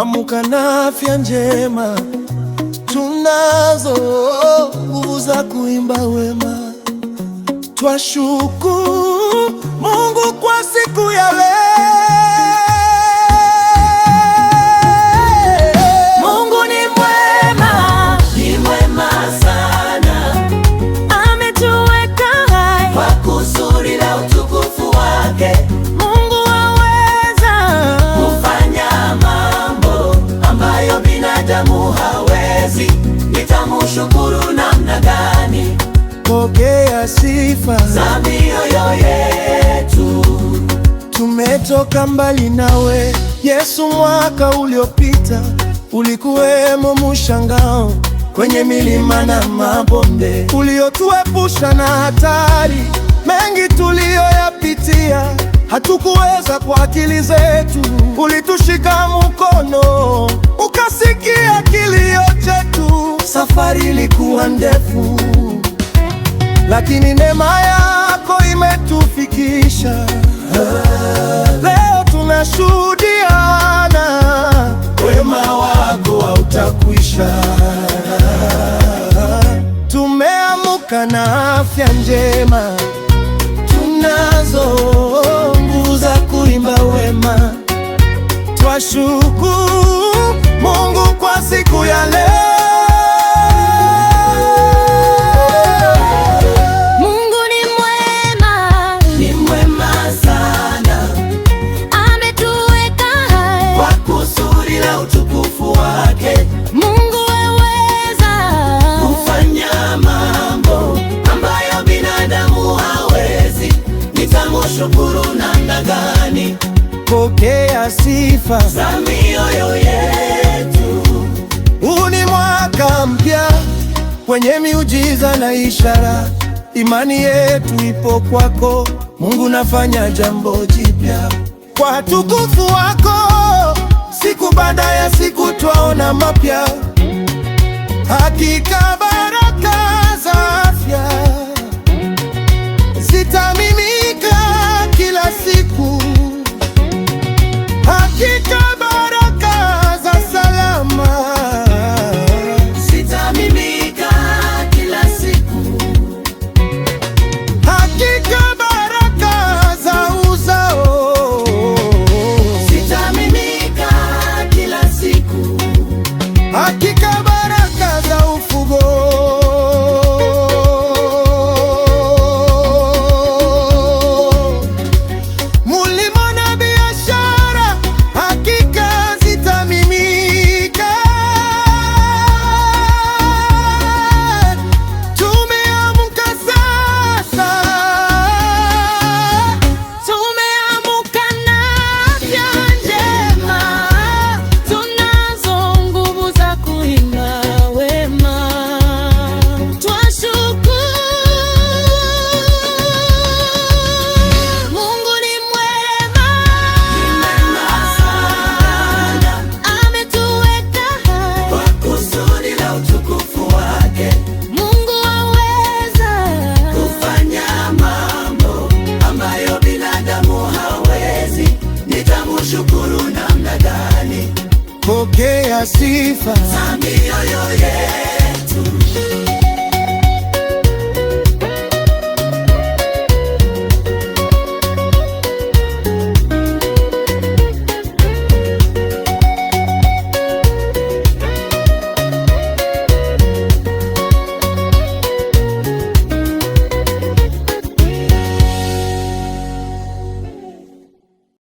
amuka na afya njema, tunazo nguvu za kuimba wema, twashukuru taarifa za mioyo yetu. Tumetoka mbali nawe Yesu, mwaka uliopita ulikuwemo mushangao kwenye milima na mabonde, uliotuepusha na hatari. Mengi tuliyoyapitia hatukuweza kwa akili zetu, ulitushika mkono ukasikia kilio chetu. Safari ilikuwa ndefu lakini neema yako imetufikisha leo, tunashuhudiana wema wako hautakwisha. tumeamuka na afya njema, tunazo nguvu za kuimba wema, twashukuru pokea sifa za mioyo yetu. Huu ni mwaka mpya wenye miujiza na ishara. Imani yetu ipo kwako Mungu, nafanya jambo jipya kwa tukufu wako. Siku baada ya siku twaona mapya, hakika baraka za afya zitami sifa Samia